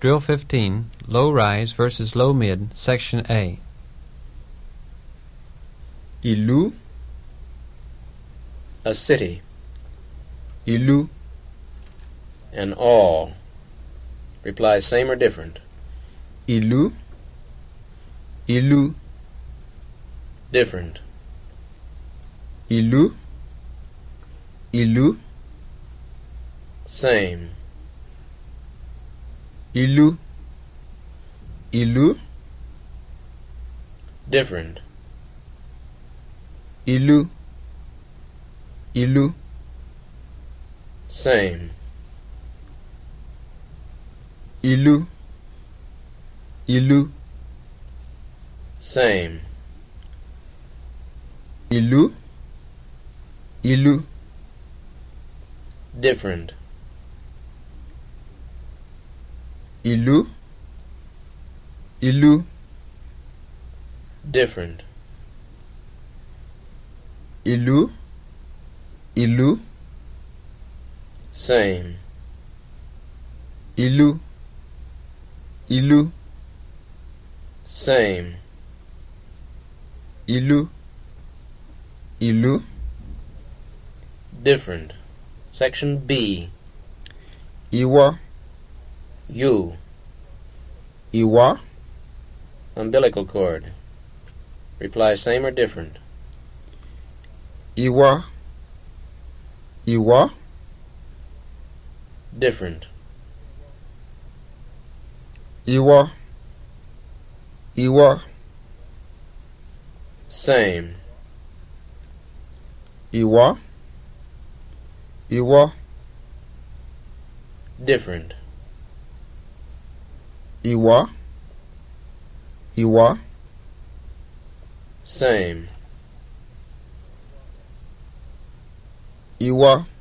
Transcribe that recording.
Drill 15 Low Rise versus Low Mid, Section A. Ilu A city. Ilu An all. Reply same or different. Ilu Ilu Different. Ilu Ilu Same ìlú ìlú different ìlú ìlú same ìlú ìlú same ìlú ìlú different ìlú ìlú different ìlú ìlú same ìlú ìlú same ìlú ìlú different section B Iwa. You. Iwa. Umbilical cord. Reply same or different. Iwa. Iwa. Different. Iwa. Iwa. Same. Iwa. Iwa. Different. Iwa. Iwa. Same. Iwa.